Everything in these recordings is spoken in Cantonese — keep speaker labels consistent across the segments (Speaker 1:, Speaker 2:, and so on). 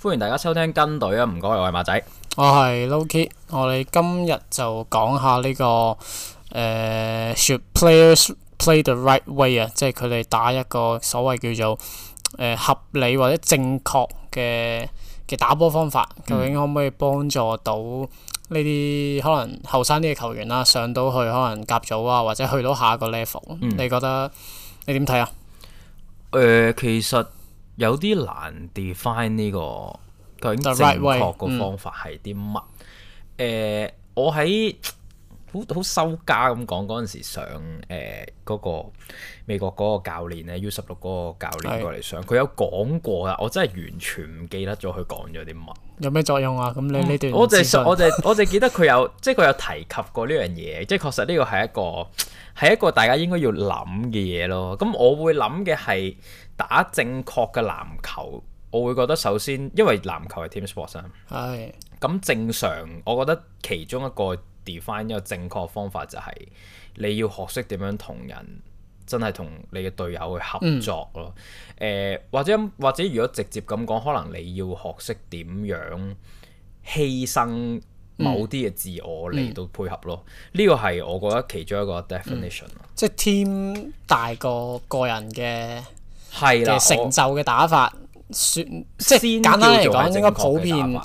Speaker 1: 歡迎大家收聽跟隊啊！唔該，我係馬仔，我係 Loki。我哋今日就講下呢個誒，Should players play the right way 啊？即係佢哋打一個所謂叫做誒合理或者正確嘅嘅打波方法，究竟可唔可以幫助到？呢啲可能後生啲嘅球員啦，上到去可能甲組啊，或者去到下一個 level、嗯、你覺得你點睇啊？誒、
Speaker 2: 呃，其實有啲難 define 呢、這個究竟正確個方法係啲乜？誒、嗯呃，我喺好好收家咁講嗰陣時上誒嗰個美國嗰個教練咧，U 十六嗰個教練過嚟上，佢是的 有講過啊。我真係完全唔記得咗佢講咗啲
Speaker 1: 乜。有咩作用啊？咁、嗯、你呢段我就我
Speaker 2: 就我就記得佢有，即係佢有提及過呢樣嘢。 即係確實呢個係一個係一個大家應該要諗嘅嘢咯。咁我會諗嘅係打正確嘅籃球，我會覺得首先因為籃球係 team sports 啊是。係咁正常，我覺得其中一個 define 一個正確嘅方法就係你要學識點樣同人。真係同你嘅隊友去合作咯，誒、嗯呃、或者或者如果直接咁講，可能你要學識點樣犧牲某啲嘅自我嚟到配合咯，呢個係我覺得其中一個 definition、嗯、即
Speaker 1: 係 team 大過個人嘅係啦成就嘅打法算，算即係簡單嚟講應該普遍。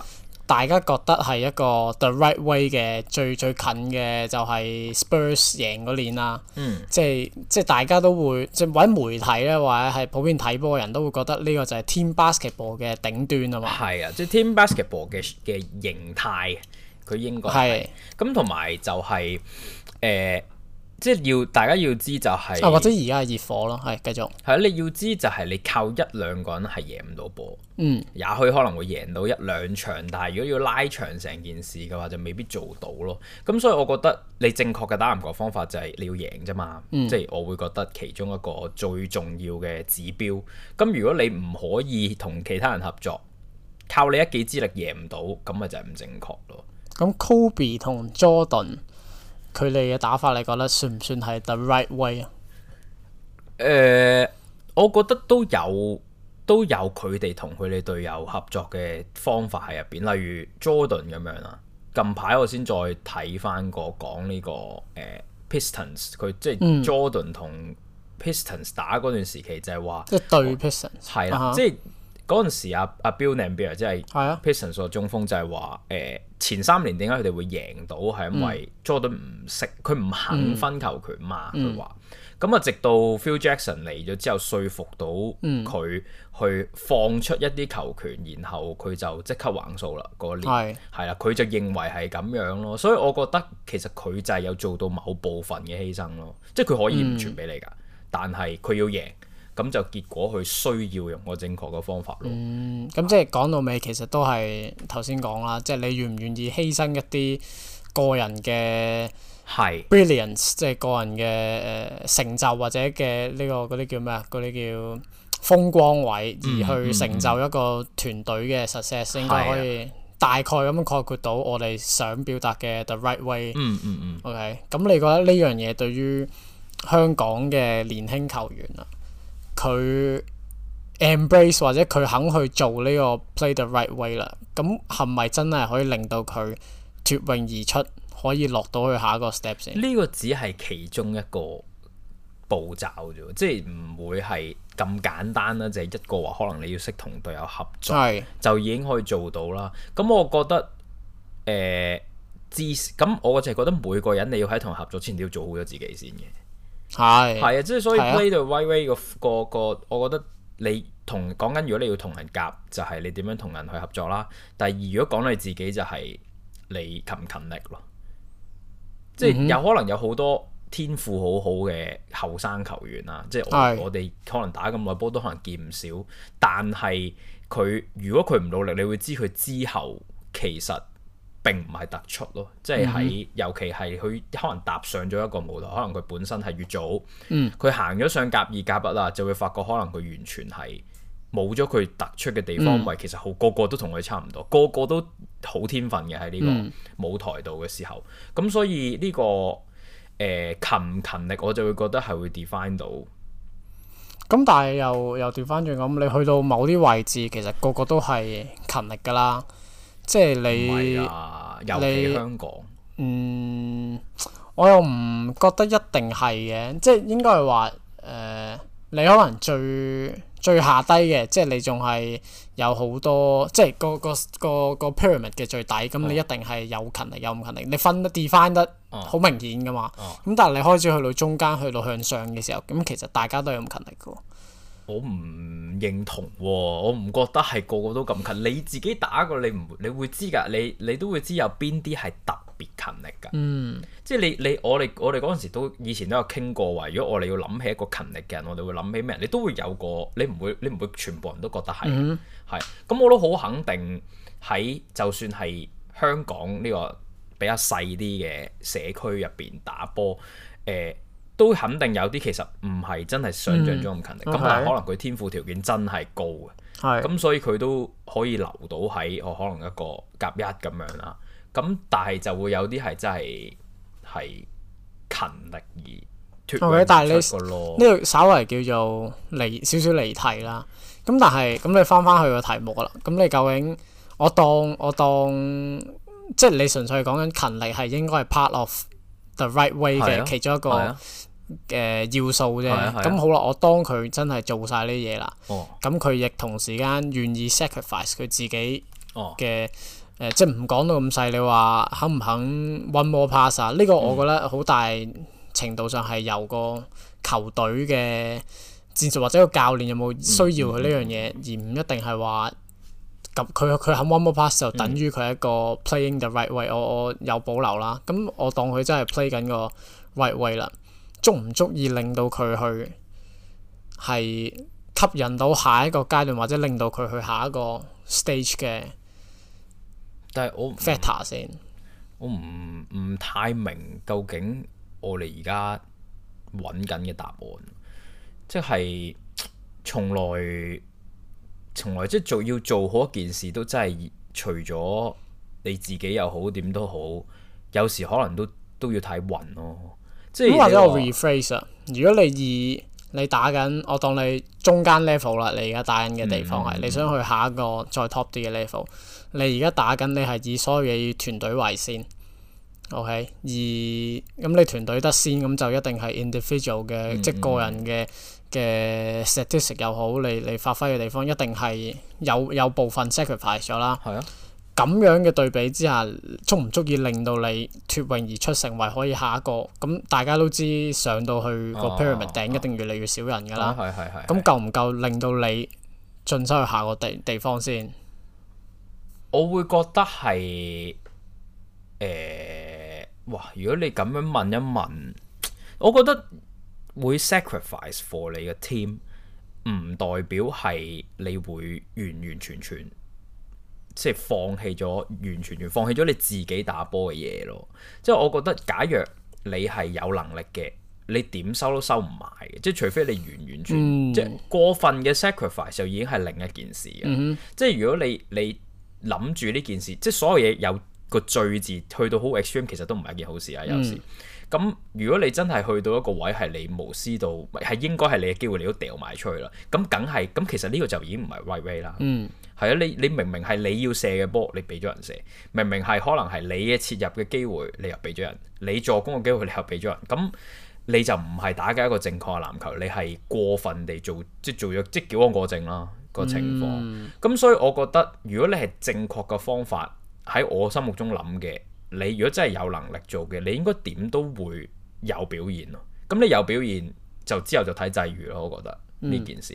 Speaker 1: 大家覺得係一個 the right way 嘅最最近嘅就係 Spurs 贏嗰年啦，嗯，即係即係大家都會即係揾媒體咧，話係普遍睇波嘅人都會覺得呢個就係 team basketball 嘅頂端啊嘛，係啊，即係 team basketball 嘅、嘅形態，佢應該係咁同埋就係，
Speaker 2: 誒，呃即係要大家要知就係、是，或者而家係熱火咯，係繼續。係啊，你要知就係你靠一兩個人係贏唔到波，嗯，也許可能會贏到一兩場，但係如果要拉長成件事嘅話，就未必做到咯。咁所以我覺得你正確嘅打籃球方法就係你要贏啫嘛，嗯、即係我會覺得其中一個最重要嘅指標。咁如果你唔可以同其他人合作，靠你一己之力贏唔到，咁咪就係唔正
Speaker 1: 確咯。咁 Kobe 同 Jordan。佢哋嘅打法，你覺得算唔算係 the right way 啊？誒，我覺得都有都有佢哋同佢哋隊友合作嘅方
Speaker 2: 法喺入邊，例如 Jordan 咁樣啦。近排我先再睇翻個講呢、呢個誒、呃、Pistons，佢即係 Jordan 同、嗯、Pistons 打嗰段時期就係話即對 Pistons 係啦，即係。嗰陣時阿 Bill Laimbeer 即係 Pistons 個中鋒就係話誒前三年點解佢哋會贏到係因為 Jordan 唔識佢唔肯分球權嘛佢話咁啊直到 Phil Jackson 嚟咗之後說服到佢去放出一啲球權，然後佢就即刻橫掃啦嗰、那個、年係啦，佢是就認為係咁樣咯，所以我覺得其實佢就係有做到某部分嘅犧牲咯，即係佢可以唔傳俾你噶，嗯、但係佢要贏。咁就結果，佢需要用個正確嘅方法咯。嗯，
Speaker 1: 咁即係講到尾，其實都係頭先講啦，即係你願唔願意犧牲一啲個人嘅係 brilliance，是即係個人嘅誒成就或者嘅呢、這個嗰啲叫咩啊？嗰啲叫風光位，而去成就一個團隊嘅 success，嗯嗯嗯、應該可以大概咁概括到我哋想表達嘅 the right way 嗯。嗯嗯嗯。OK，咁你覺得呢樣嘢對於香港嘅年輕球員啊？佢 embrace 或者佢肯去做呢個 play the right way 啦，咁係咪真係可以令到佢脫穎而出，可以落到去下一個 step 先？呢個只係其中一個步驟啫，即係唔會係
Speaker 2: 咁簡單啦，就係一個話可能你要識同隊友合作，的就已經可以做到啦。咁我覺得，誒、呃，至咁我就係覺得每個人你要喺同合作之前，都要做好咗自己先嘅。係啊，即係所以 play the right way 個個個，我覺得你同講緊，如果你要同人夾，就係、是、你點樣同人去合作啦。第二，如果講你自己，就係、是、你勤唔勤力咯。即係、嗯、哼有可能有好多天賦好好嘅後生球員啊，即係我我哋可能打咁耐波都可能見唔少，但係佢如果佢唔努力，你會知佢之後其實。並唔係突出咯，即係喺、嗯、尤其係佢可能踏上咗一個舞台，可能佢本身係越早，佢行咗上甲二甲一啦，就會發覺可能佢完全係冇咗佢突出嘅地方，咪、嗯、其實個個都同佢差唔多，個個都好天分嘅喺呢個舞台度嘅時候，咁、嗯、所以呢、呢個誒、呃、勤唔勤力我就會覺得係會 define 到。
Speaker 1: 咁但係又又調翻轉咁，你去到某啲位置，其實個個都係勤力噶啦。即係你，你香港，嗯，我又唔覺得一定係嘅，即係應該係話，誒、呃，你可能最最下低嘅，即係你仲係有好多，即係個個個個 pyramid 嘅最底，咁、嗯、你一定係有勤力，有冇勤力，你分 define 得好明顯噶嘛，咁、嗯嗯、但係你開始去到中間，去到向上嘅時候，咁其實大家都有咁勤力嘅。
Speaker 2: 我唔認同喎、哦，我唔覺得係個個都咁勤。你自己打過你唔會，你唔你會知㗎，你你都會知有邊啲係特別勤力㗎。嗯即，即係你你我哋我哋嗰陣時都以前都有傾過話，如果我哋要諗起一個勤力嘅人，我哋會諗起咩？你都會有個，你唔會你唔會你全部人都覺得係，係、嗯。咁我都好肯定喺，就算係香港呢個比較細啲嘅社區入邊打波，誒、呃。都肯定有啲其實唔係真係想像中咁勤力，咁、嗯、但係可能佢天賦條件真係高嘅，咁、嗯、所以佢都可以留到喺我可能一個甲一咁樣啦。咁但係就會有啲係真係係勤力而
Speaker 1: 脫。但係呢個呢度稍微叫做離少少離題啦。咁但係咁你返返去個題目啦，咁你究竟我當我當即係你純粹講緊勤力係應該係 part of。The right way 嘅、啊、其中一個嘅、啊呃、要素啫，咁、啊啊、好啦。我當佢真係做晒呢啲嘢啦，咁佢、哦、亦同時間願意 sacrifice 佢自己嘅誒、哦呃，即係唔講到咁細，你話肯唔肯 one more pass 啊？呢、這個我覺得好大程度上係由個球隊嘅戰術或者個教練有冇需要佢呢樣嘢，嗯嗯嗯、而唔一定係話。咁佢佢喺 One More Pass 就等於佢一個 playing the right way，嗯，我我有保留啦。咁我當佢真係 play 緊個 right way 啦，足唔足以令到佢去係吸引到下一個階段，或者令到佢去下一個 stage 嘅？但係我 fatter 先，
Speaker 2: 我唔唔太明究竟我哋而家揾緊嘅答案，即係從來。從來即做要做好一件事都真係，除咗你自己又好，點都好，有時可能都都要睇運咯。咁、
Speaker 1: 就是、或者我 refresh 如果你以你打緊，我當你中間 level 啦，你而家打緊嘅地方係，嗯嗯你想去下一個再 top 啲嘅 level，你而家打緊你係以所有嘢，團隊為先。Okay，而咁你團隊得先，咁就一定係 individual 嘅，嗯嗯即個人嘅。嘅 statistics 又好，你你發揮嘅地方一定係有有部分 sacrifice 咗啦。咁、啊、樣嘅對比之下，足唔足以令到你脫穎而出，成為可以下一個？咁大家都知上到去個 pyramid 頂，一定越嚟越少人㗎啦。咁、哦哦哦哦哦、夠唔夠令到你進修去下個地地方先？我會覺得係誒哇！如果你咁樣問
Speaker 2: 一問，我覺得。會 sacrifice for 你嘅 team，唔代表係你會完完全全，即係放棄咗完全完放棄咗你自己打波嘅嘢咯。即係我覺得，假若你係有能力嘅，你點收都收唔埋嘅。即係除非你完完全，即係、嗯、過分嘅 sacrifice 就已經係另一件事嘅。即係、嗯、哼如果你你諗住呢件事，即係所有嘢有個最字，去到好 extreme，其實都唔係一件好事啊。有時、嗯。咁如果你真係去到一個位係你無私到，係應該係你嘅機會，你都掉埋出去啦。咁梗係，咁其實呢個就已唔係威威 g h 啦。嗯，係啊，你你明明係你要射嘅波，你俾咗人射；明明係可能係你嘅切入嘅機會，你又俾咗人；你助攻嘅機會，你又俾咗人。咁你就唔係打嘅一個正確籃球，你係過分地做，即係做咗即係矯枉過正啦個情況。咁、嗯、所以我覺得，如果你係正確嘅方法，喺我心目中諗嘅。你如果真係有能力做嘅，你應該點都會有表現咯。咁你有表現，就之後就睇際遇咯。我覺得呢件
Speaker 1: 事。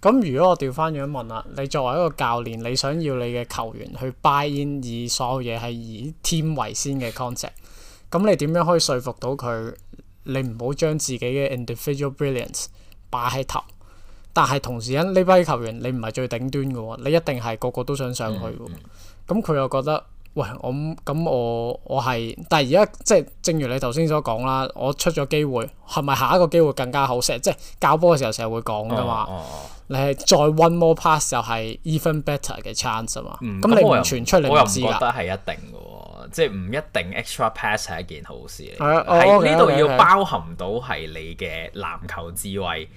Speaker 1: 咁、嗯、如果我調翻樣問啦，你作為一個教練，你想要你嘅球員去 buy in，而所有嘢係以 team 為先嘅 concept。咁你點樣可以說服到佢？你唔好將自己嘅 individual brilliance 擺喺頭，但係同時因呢班球員你唔係最頂端嘅喎，你一定係個個都想上去嘅。咁佢、嗯嗯、又覺得。喂，我咁我我係，但係而家即係正如你頭先所講啦，我出咗機會，係咪下一個機會更加好 s 即係教波嘅時候成日會講㗎嘛，哦哦、你係再 one more pass 就係 even better 嘅 chance 啊嘛、嗯。咁你唔傳出你唔知啦。嗯、我又，知我又覺得
Speaker 2: 係一定嘅喎，即係唔一定 extra pass 係一件好事嚟。喺呢度要包含到係你嘅籃球智慧。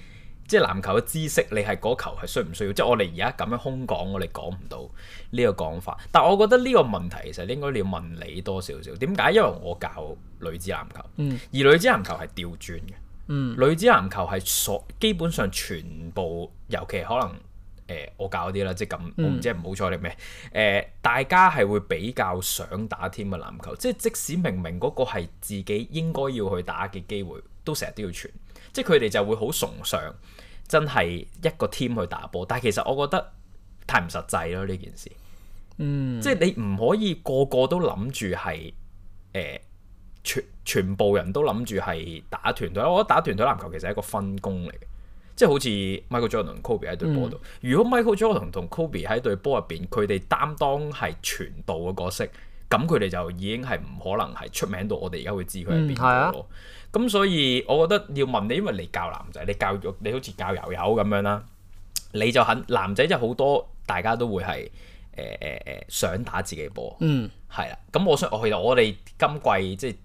Speaker 2: 即係籃球嘅知識，你係嗰球係需唔需要？即係我哋而家咁樣空講，我哋講唔到呢個講法。但係我覺得呢個問題其實應該你要問你多少少。點解？因為我教女子籃球，而女子籃球係調轉嘅，嗯，女子籃球係所基本上全部，尤其係可能。誒、呃、我搞啲啦，即係咁，我唔知唔好彩定咩？誒、嗯呃、大家係會比較想打 team 嘅籃球，即係即使明明嗰個係自己應該要去打嘅機會，都成日都要傳，即係佢哋就會好崇尚真係一個 team 去打波。但係其實我覺得太唔實際咯呢件事。嗯，即係你唔可以個個都諗住係誒全全部人都諗住係打團隊。我覺得打團隊籃球其實係一個分工嚟。即係好似 Michael Jordan、Kobe 喺隊波度。如果 Michael Jordan 同 Kobe 喺隊波入邊，佢哋擔當係全道嘅角色，咁佢哋就已經係唔可能係出名到我哋而家會知佢喺邊度咯。咁、嗯啊、所以，我覺得要問你，因為你教男仔，你教咗你好似教友友咁樣啦，你就肯男仔就好多，大家都會係誒誒誒想打自己波。嗯，係啦。咁我想我去，我哋今季即係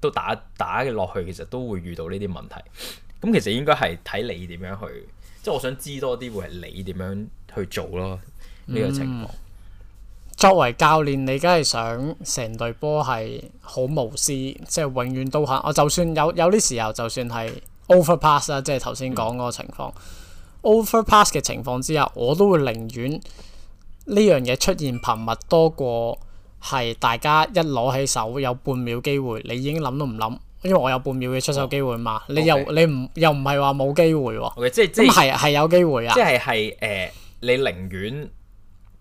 Speaker 2: 都打打嘅落去，其實都會遇到呢啲問題。咁其實應該係睇你點樣去，即係我想知多啲會係你點樣去做咯呢、嗯、個情況。
Speaker 1: 作為教練，你梗係想成隊波係好無私，即係永遠都肯。我就算有有啲時候，就算係 overpass 啦，即係頭先講嗰個情況，overpass 嘅情況之下，我都會寧願呢樣嘢出現頻密多過係大家一攞起手有半秒機會，你已經諗都唔諗。因為我有半秒嘅出手機會嘛，oh, okay. 你又你唔又唔係話冇機會喎，咁係有機會啊，okay, 即係
Speaker 2: 係誒，你寧願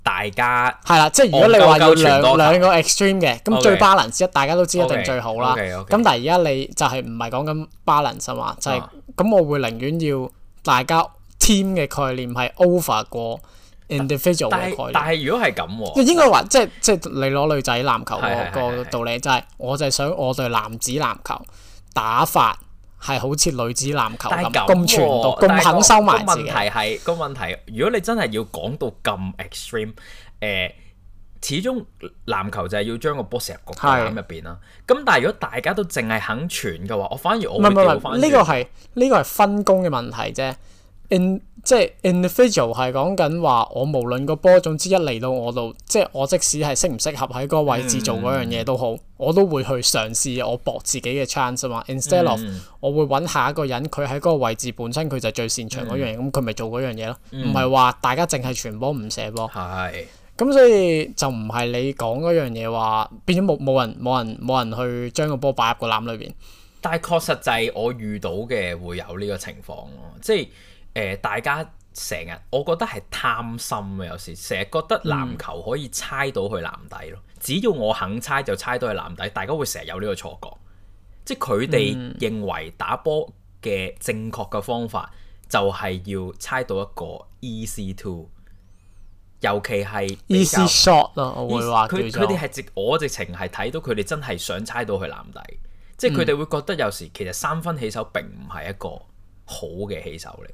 Speaker 2: 大家係啦，即係如果你話要兩兩
Speaker 1: 個 extreme 嘅，咁 Okay. 最 balance 一大家都知一定最好啦。咁、okay. Okay . okay. 但係而家你就係唔係講緊 balance 啊、就、嘛、是，就係咁我會寧願要大家 team 嘅概念係 over 過。individual 但係如果係咁，應該話但即係即係你攞女仔籃球個道理，就係，就係我就係想我對男子籃球打法係好似女子籃球咁咁傳，咁是肯收埋自己。個問題係
Speaker 2: 個問題，如果你真係要講到咁 extreme，誒，始終籃球就係要將個波射入個籃入邊啦。咁是、啊、但係如果大家都淨係肯傳
Speaker 1: 嘅話，我反而我唔係唔係，呢反傳 個係呢、呢個係分工嘅問題啫。In, 即係 individual 係講緊話，我無論個波總之一嚟到我度，即係我即使係適唔適合喺嗰個位置做嗰樣嘢都好，嗯、我都會去嘗試我搏自己嘅 chance 啊嘛。Instead of 我會揾下一個人，佢喺嗰個位置本身佢就最擅長嗰樣嘢，咁佢咪做嗰樣嘢咯？唔係話大家淨係傳波唔射波。係咁是所以就唔係你講嗰樣嘢話，變咗冇冇人冇人冇人去將個波擺入個籃裏邊。但係確實就係我遇到
Speaker 2: 嘅會有呢個情況咯，即係。誒，大家成日我覺得係貪心啊，有時成日覺得籃球可以猜到佢籃底咯。嗯、只要我肯猜就猜到佢籃底，大家會成日有呢個錯覺，即係佢哋認為打波嘅正確嘅方法就係要猜到一個 easy two，尤其係比較
Speaker 1: short 咯，shot，我會話佢佢哋係
Speaker 2: 直我直情係睇到佢哋真係想猜到佢籃底，嗯、
Speaker 1: 即係佢哋
Speaker 2: 會覺得有時其實三分起手並唔係一個好嘅起手嚟。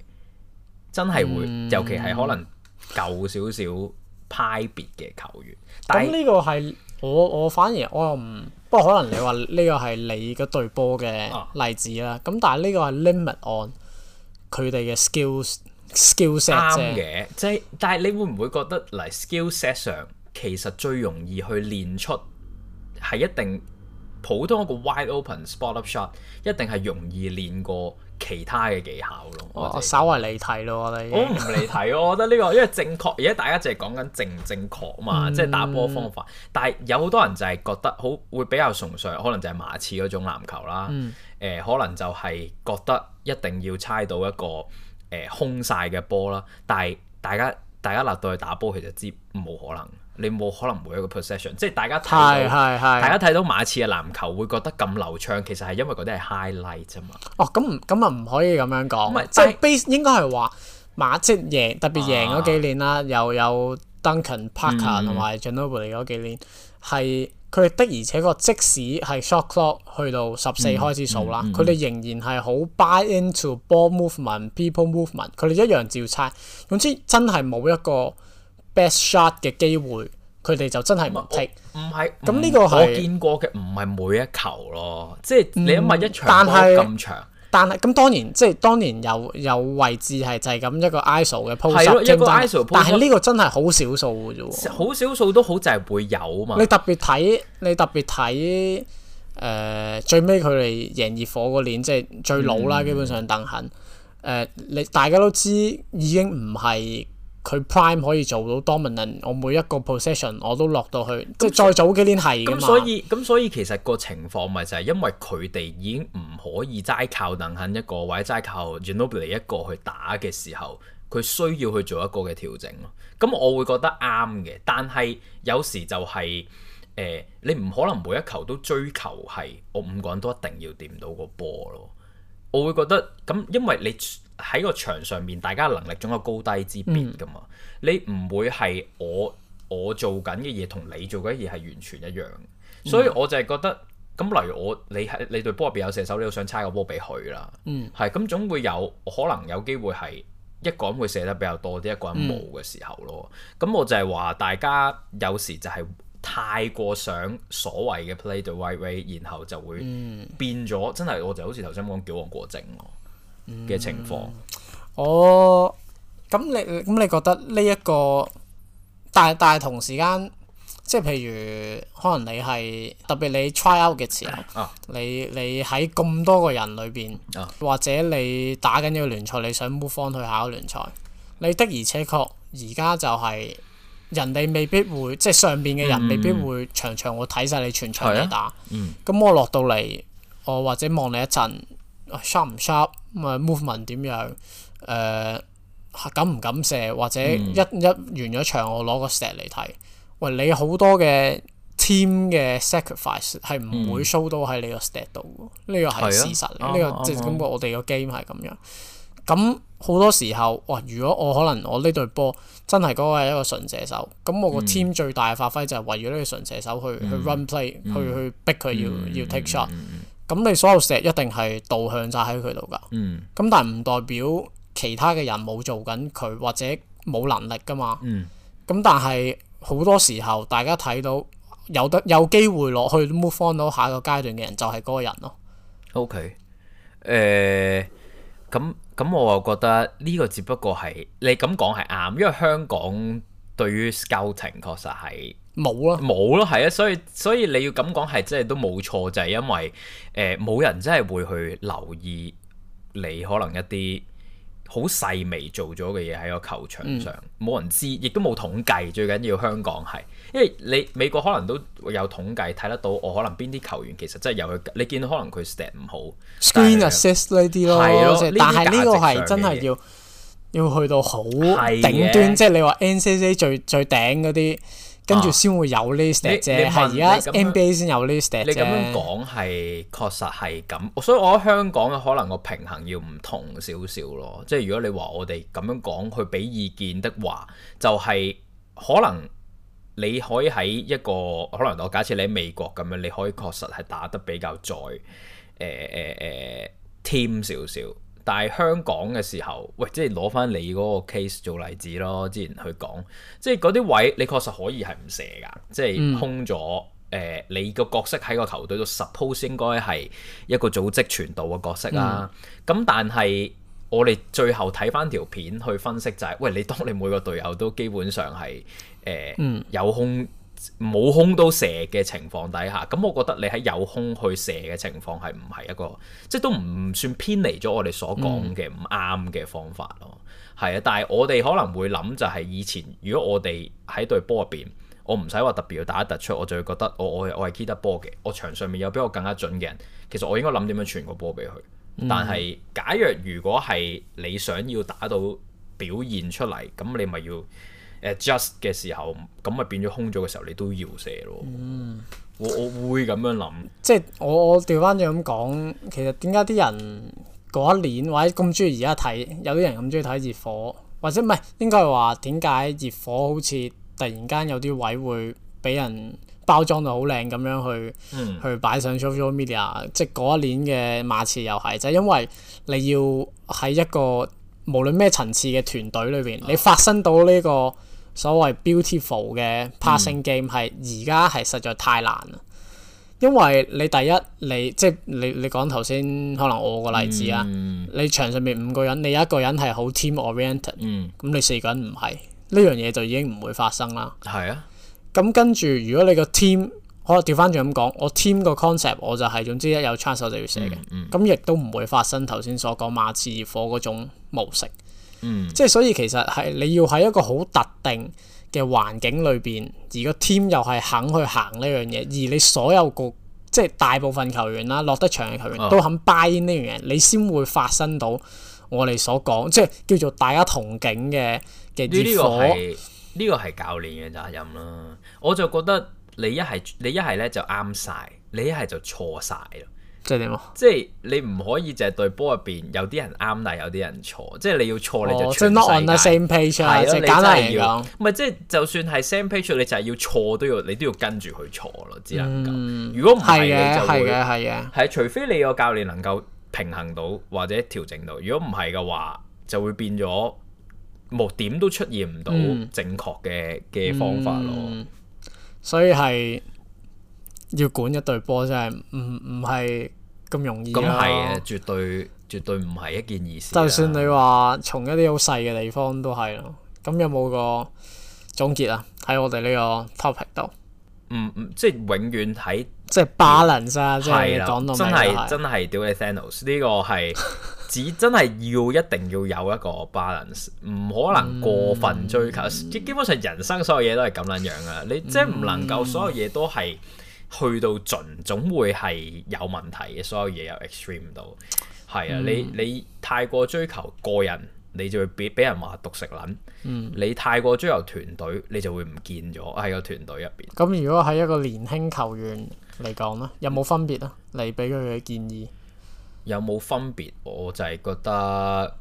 Speaker 2: 真係會，嗯、尤其係可能舊少少派別嘅球員。咁呢、嗯、
Speaker 1: 個係我我反而我又唔，不過可能你話呢個係你嗰隊波嘅例子啦。咁、啊、但係呢個係 limit on 佢哋嘅 skills skill set 嘅，即係、就是、但係你
Speaker 2: 會唔會覺得，嚟 skill set 上其實最容易去練出係一定。普通一個 wide open spot up shot 一定係容易練過其他嘅技巧咯，oh, 我我稍為離題咯，我， 我覺得、這個。我唔離題，我覺得呢個因為正確，而家大家淨係講緊正唔正確啊嘛，即係、嗯、打波方法。但係有好多人就係覺得好會比較崇尚，可能就係馬刺嗰種籃球啦。誒、嗯呃，可能就係覺得一定要猜到一個誒、呃、空晒嘅波啦。但係大家大家落到去打波，其實知冇可能。你冇可能每一個 possession 即係大家睇到，大家睇到馬刺嘅籃球會覺得咁流暢，其實係因為嗰啲係
Speaker 1: highlight 啫嘛。哦，咁咁又唔可以咁樣講，即係 base 應該係話馬刺贏特別贏嗰幾年啦，又有 Duncan Parker 同埋 Ginobili 嗰幾年，係佢哋的而且確即使係 shot clock 去到十四開始數啦，佢哋、嗯嗯嗯、仍然係好 buy into ball movement、people movement，佢哋一樣照差。總之真係冇一個。Best shot 嘅機會，佢哋就真係唔 take。唔
Speaker 2: 係咁呢個，我見過嘅唔係每一球咯。
Speaker 1: 即係、嗯、你諗埋一場波咁長。但係咁，當然，即係當年有有位置係就係咁一個 isol 嘅 post。係咯，James，一個 isol 嘅 post。但係呢個真係好少數嘅啫喎。好少數都好，就係、是、會有啊嘛你。你特別睇，你特別睇，誒最尾佢哋贏熱火嗰年，即係最老啦。嗯、基本上，鄧肯誒，你大家都知已經唔係。佢 prime 可以做到 dominant，我每一個 possession 我都落到去，那即係再早幾年係咁，所以
Speaker 2: 咁，所以其實個情況咪就係因為佢哋已經唔可以齋靠鄧肯一個或者齋靠 Ginobili 一個去打嘅時候，佢需要去做一個嘅調整咯。咁我會覺得啱嘅，但係有時就係、是、誒、呃，你唔可能每一球都追求係我五個人都一定要掂到個波咯。我會覺得咁，因為你。喺個場上面，大家能力總有高低之別噶嘛。嗯、你唔會係我我做緊嘅嘢同你做緊嘅嘢係完全一樣，嗯、所以我就係覺得咁。例如我你係你對波入邊有射手，你都想差個波俾佢啦。嗯，係咁總會有可能有機會係一個人會射得比較多啲，一個人冇嘅時候咯。咁、嗯、我就係話大家有時就係太過想所謂嘅 play the right way，然後就會變咗、嗯、真係我
Speaker 1: 就好似頭先講矯枉過正咯。嘅情況，哦、嗯，咁你咁你覺得呢、這、一個，但係但係同時間，即係譬如可能你係特別你 try out 嘅時候，啊、你你喺咁多個人裏邊，啊、或者你打緊呢個聯賽，你想 move on 去下個聯賽，你的而且確而家就係人哋未必會，即係上邊嘅人未必會場場會睇晒你全場打，咁、嗯、我落到嚟，我或者望你一陣。sharp 唔 sharp 啊 movement 點樣？誒、啊、敢唔敢射？或者一一完咗場，我攞個 step 嚟睇。喂，你好多嘅 team 嘅 sacrifice 係唔會 show 到喺你個 step 度。呢個係事實嚟。呢、啊這個、啊、即係感覺我哋個 game 係咁樣。咁好多時候，哇！如果我可能我呢隊波真係嗰個係一個純射手，咁我個 team 最大嘅發揮就係為咗呢個純射手去、嗯、去 run play，去去逼佢要、嗯、要 take shot。咁你所有石一定係導向晒喺佢度噶，咁、嗯、但係唔代表其他嘅人冇做緊佢或者冇能力噶嘛。咁、嗯、但係好多時候，大家睇到有得有機會落去 move 到下一個階段嘅人，就係嗰個人咯。
Speaker 2: O K，誒，咁咁我又覺得呢個只不過係你咁講係啱，因為香港對於教程 o u t 確實係。冇咯，冇咯，係啊， 所以所以你要咁講係，真係都冇錯，就係、是、因為誒冇、呃、人真係會去留意你可能一啲好細微做咗嘅嘢喺個球場上，冇、嗯、人知，亦都冇統計。最緊要香港係，因為你美國可能都有統計睇得到，我可能邊啲球員其實真係有。佢，你見到可能佢 step 唔好
Speaker 1: screen a s、就是、s e 呢啲咯，係咯，但係呢個係真係要要去到好頂端，即係的你話 NCAA 最最頂嗰啲。跟住先會有呢 step 啫，係而家 NBA 先有呢 step 你咁樣講
Speaker 2: 係確實係咁，所以我覺得香港嘅可能個平衡要唔同少少咯。即係如果你話我哋咁樣講去俾意見的話，就係可能你可以喺一個可能我假設你喺美國咁樣，你可以確實係打得比較在誒誒誒 team 少少。欸欸欸但係香港嘅時候，喂，即係攞翻你嗰個 case 做例子咯。之前去講，即係嗰啲位，你確實可以係唔射㗎，即係空咗。誒、嗯呃，你個角色喺個球隊度 suppose 應該係一個組織傳導嘅角色啦、啊。咁、嗯、但係我哋最後睇翻條片去分析就係、是，喂，你當你每個隊友都基本上係誒、呃嗯、有空。冇空都射嘅情況底下，咁我覺得你喺有空去射嘅情況係唔係一個，即係都唔算偏離咗我哋所講嘅唔啱嘅方法咯。係啊、嗯，但係我哋可能會諗就係以前，如果我哋喺隊波入邊，我唔使話特別要打得突出，我就會覺得我我我係 keep 得波嘅。我場上面有比我更加準嘅人，其實我應該諗點樣傳個波俾佢。嗯、但係假若如果係你想要打到表現出嚟，咁你咪要。Adjust 嘅時候，咁咪變咗空咗嘅時候，你都要射咯。
Speaker 1: 嗯，我我會咁樣諗，即係我我調翻轉咁講，其實點解啲人嗰一年或者咁中意而家睇，有啲人咁中意睇熱火，或者唔係應該係話點解熱火好似突然間有啲位會俾人包裝到好靚咁樣去，嗯、去擺上 social media，即係嗰一年嘅馬刺又係，就係、是、因為你要喺一個無論咩層次嘅團隊裏邊，你發生到呢、這個。所謂 beautiful 嘅 passing game 係而家係實在太難啦，嗯、因為你第一你即係你你講頭先可能我個例子啊，嗯、你場上面五個人，你一個人係好 team oriented 咁、嗯、你四個人唔係呢樣嘢就已經唔會發生啦。係啊、嗯，咁跟住如果你個 team，可能調翻轉咁講，我 team 個 concept 我就係、是、總之一有 chance 我就要射嘅，咁亦都唔會發生頭先所講馬刺熱火嗰種模式。嗯，即係所以其實係你要喺一個好特定嘅環境裏邊，而個 team 又係肯去行呢樣嘢，而你所有局，即係大部分球員啦，落得場嘅球員都肯 buy 呢樣嘢，哦、你先會發生到我哋所講，即係叫做大家同境嘅嘅熱火。呢個係
Speaker 2: 呢個係教練嘅責任啦。我就覺得你一係你一係咧就啱晒，你一係就錯晒。咯。即係點啊？即係你唔可以就係對波入邊有啲人啱，但係有啲人錯。即係你要錯，哦、你就全世界
Speaker 1: 係咯，你真係要。
Speaker 2: 唔係即係就算係 same page，你就係要錯都要，你都要跟住佢錯咯，只能咁。如果唔係，你就會係嘅，係嘅，係嘅。除非你個教練能夠平衡到或者調整到，如果唔係嘅話，就會變咗冇點都出現唔到正確嘅嘅方法咯、嗯
Speaker 1: 嗯。所以係。要管一隊波真係唔唔係咁容易、 嗯嗯、啊！咁係嘅，
Speaker 2: 絕對絕對唔係一件易事。就
Speaker 1: 算你話從一啲好細嘅地方都係咯，咁有冇個總結啊？喺我哋呢個 topic 度，唔
Speaker 2: 唔即係永遠喺
Speaker 1: 即係 balance，即係真係真
Speaker 2: 係屌你 Thanos，呢個係只真係要一定要有一個 balance，唔可能過分追求。基、嗯、基本上人生所有嘢都係咁樣樣噶，你即係唔能夠所有嘢都係。去到盡總會係有問題嘅，所有嘢又 extreme 唔到，係啊、嗯！你你太過追求個人，你就會俾俾人話獨食撚。嗯、你太過追求團隊，你就會唔見咗喺個團隊入
Speaker 1: 邊。咁如果喺一個年輕球員嚟講咧，有冇分別啊？你俾佢嘅建議
Speaker 2: 有冇分別？我就係覺得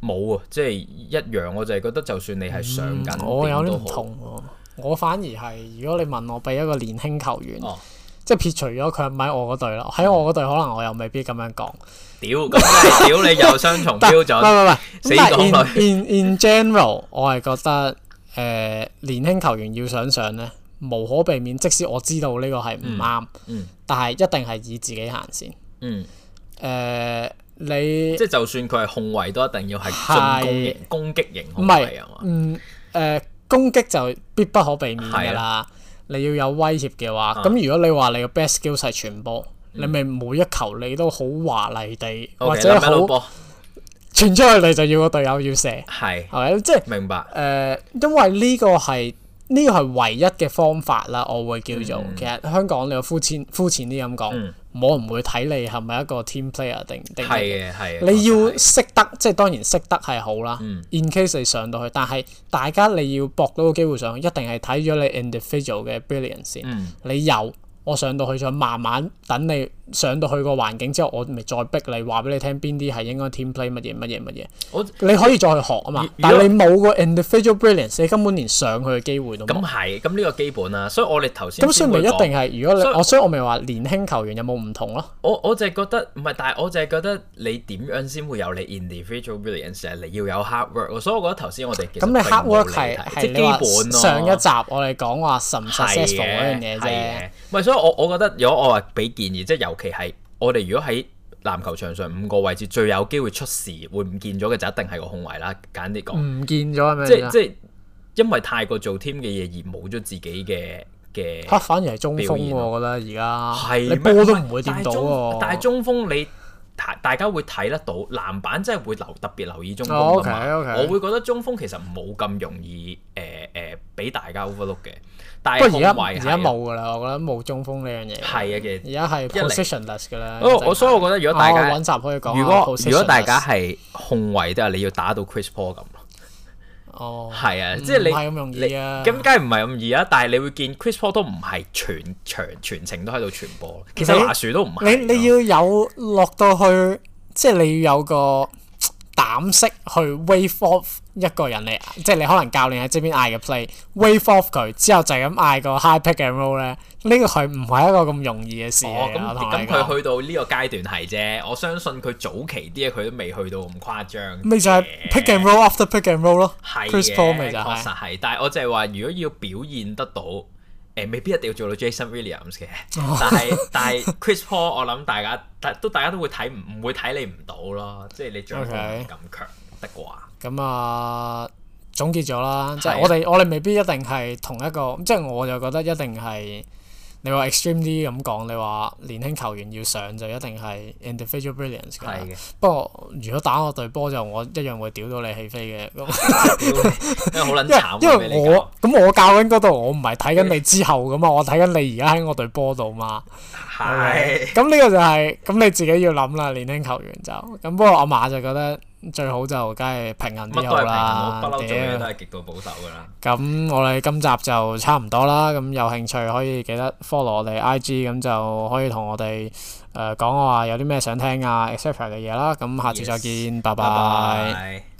Speaker 2: 冇啊，即係一樣。我就係覺得，就算你係上緊，我有啲唔同
Speaker 1: 我反而係，如果你問我俾一個年輕球員，哦、即係撇除咗佢唔喺我嗰隊啦，喺我嗰隊可能我又未必咁樣講。
Speaker 2: 屌，咁、就、屌、是、你有雙重標準。唔係唔唔係。 in,
Speaker 1: in, in general，我係覺得誒、呃、年輕球員要想上咧，無可避免。即使我知道呢個係唔啱，嗯嗯、但係一定係以自己行先。嗯，誒你
Speaker 2: 即係就算佢係控衞，都一定要係攻型、擊型控
Speaker 1: 衞啊嘛。嗯，攻擊就必不可避免噶啦，的你要有威脅嘅話，咁、嗯、如果你話你嘅 best skill 係傳波，嗯、你咪每一球你都好華麗地 Okay, 或者好傳出去你就要個隊友要射，係係咪？即係 okay? 明白？誒、呃，因為呢個係呢、呢個係唯一嘅方法啦，我會叫做、嗯、其實香港你有膚淺膚淺啲咁講。嗯我唔會睇你係咪一個 team player 定定
Speaker 2: 係，你要
Speaker 1: 識得，即係當然識得係好啦。嗯、In case 你上到去，但係大家你要搏到個機會上，一定係睇咗你 individual 嘅 brilliance 先。嗯、你有，我上到去再慢慢等你。上到去個環境之後，我咪再逼你話俾你聽邊啲係應該 team play 乜嘢乜嘢乜嘢，我你可以再去學啊嘛。果但係你冇個 individual brilliance，你根本連上佢嘅機會都冇。咁係，咁呢個基本啊。所以我哋頭先咁所以咪一定係如果所以我所以我咪話年輕球員有冇唔同咯？
Speaker 2: 我我就係覺得唔係，但係我就係覺得你點樣先會有你 individual brilliance 你要有 hard work。所以我覺得頭先我哋咁你 hard work 係基本。上一
Speaker 1: 集我哋講話 successful 嗰樣嘢啫。
Speaker 2: 唔係，所以我我覺得如果我話俾建議，即係有尤其係我哋如果喺籃球場上五個位置最有機會出事會唔見咗嘅就一定係個控衞啦，簡單啲講。唔見
Speaker 1: 咗係咪？即即
Speaker 2: 因為太過做 team 嘅嘢而冇咗自己嘅嘅表現。嚇，反而係中鋒，我覺得
Speaker 1: 而家。係咩是？但係中，
Speaker 2: 中鋒你大家會睇得到籃板真係會留特別留意中鋒啊嘛。Oh, okay, okay. 我會覺得中鋒其實冇咁容易誒誒俾大家 overlook 嘅。不過而家而家冇
Speaker 1: 㗎啦，的我覺得冇中鋒呢樣嘢。係啊的，其實而家係 positionless 㗎啦。哦，所以我覺得如果大家揾集可以講。如果如果大家係
Speaker 2: 控衞都係你要打到 Chris Paul 咁咯。哦，係啊，即係你唔係咁容易啊。咁梗係唔係咁易啊？但係你會見 Chris Paul 都唔係全場全程都喺度傳波。 其實華樹你都唔係。你
Speaker 1: 你要有落到去，即係你要有個。膽識去 wave off 一個人嚟，即係你可能教練喺呢邊嗌嘅 play，wave off 佢之後就係咁嗌個 high pick and roll 咧，呢個係唔係一個咁容易嘅事？咁佢、哦嗯嗯嗯、去
Speaker 2: 到呢個階段係啫，我相信佢早期啲嘢佢都未去到咁誇張。咪
Speaker 1: 就係 pick and roll after pick and roll 咯的，係嘅、就是，確實係。
Speaker 2: 但係我就係話，如果要表現得到。誒、欸、未必一定要做到 Jason Williams 嘅
Speaker 1: 但係但
Speaker 2: 係 Chris Paul，我諗大家，但都大家都會睇唔會睇你唔到咯，即係你長度咁強的啩。
Speaker 1: 咁啊 Okay. 話、嗯，總結咗啦，對即係我哋我哋未必一定係同一個，即係我就覺得一定係。你話 extreme 啲咁講，你話年輕球員要上就一定係 individual brilliance 嘅。的不過如果打我隊波就我一樣會屌到你起飛嘅。 因為我咁 我教緊嗰度，我唔係睇緊你之後㗎嘛， 我睇緊你而家喺我隊波度嘛。係。咁呢個就係、是、咁你自己要諗啦，年輕球員就咁。不過阿馬就覺得。最好就梗係平衡啲好啦，不嬲做嘢都係極度保守噶啦。咁、嗯、我哋今集就差唔多啦，咁有興趣可以記得 follow 我哋 I G，咁就可以同我哋誒、呃、講我話、啊、有啲咩想聽啊 except 嘅嘢啦。咁下次再見，Yes, 拜拜。Bye bye